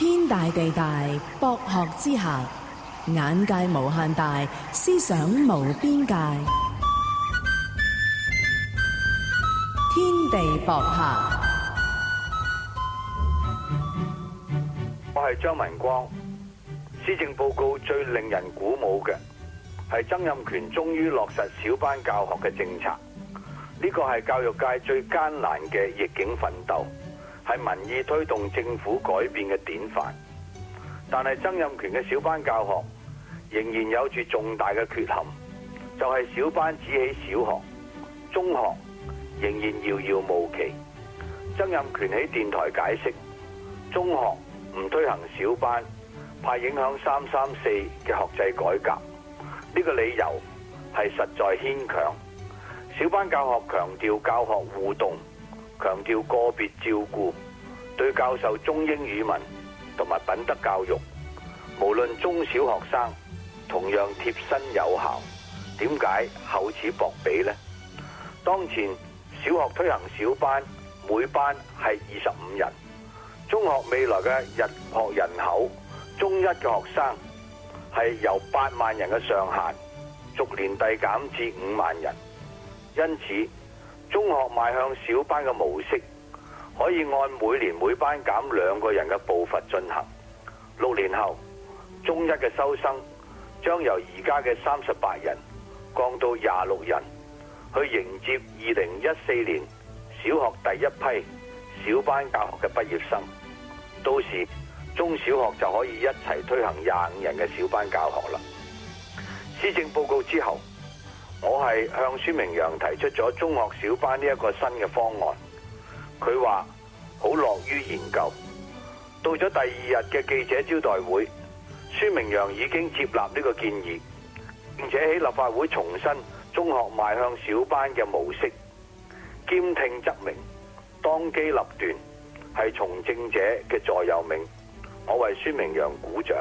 天大地大，博學之下，眼界無限大，思想無邊界。天地博客，我係張文光。施政報告最令人鼓舞嘅係曾蔭權終於落實小班教學嘅政策，呢個係教育界最艱難嘅逆境奮鬥。係民意推動政府改變嘅典範，但係曾蔭權嘅小班教學仍然有住重大嘅缺陷，就係、是、小班只喺小學，中學仍然遙遙無期。曾蔭權喺電台解釋，中學唔推行小班，怕影響三三四嘅學制改革，呢、這個理由係實在牽強。小班教學強調教學互動。強調個別照顧，對教授中英語文同埋品德教育，無論中小學生同樣貼身有效。點解厚此薄彼呢？當前小學推行小班，每班係二十五人；中學未來嘅入學人口，中一嘅學生係由八萬人嘅上限，逐年遞減至五萬人，因此，中學邁向小班嘅模式，可以按每年每班減兩個人嘅步伐進行。六年後，中一嘅收生將由而家嘅三十八人降到廿六人，去迎接二零一四年小學第一批小班教學嘅畢業生。到時中小學就可以一齊推行廿五人嘅小班教學啦。施政報告之後。我係向孫明揚提出咗中學小班呢一個新嘅方案，佢話好樂於研究，到咗第二日嘅記者招待會，孫明揚已經接納呢個建議，並且喺立法會重申中學邁向小班嘅模式，兼聽則明，當機立斷係從政者嘅座右銘，我為孫明揚鼓掌。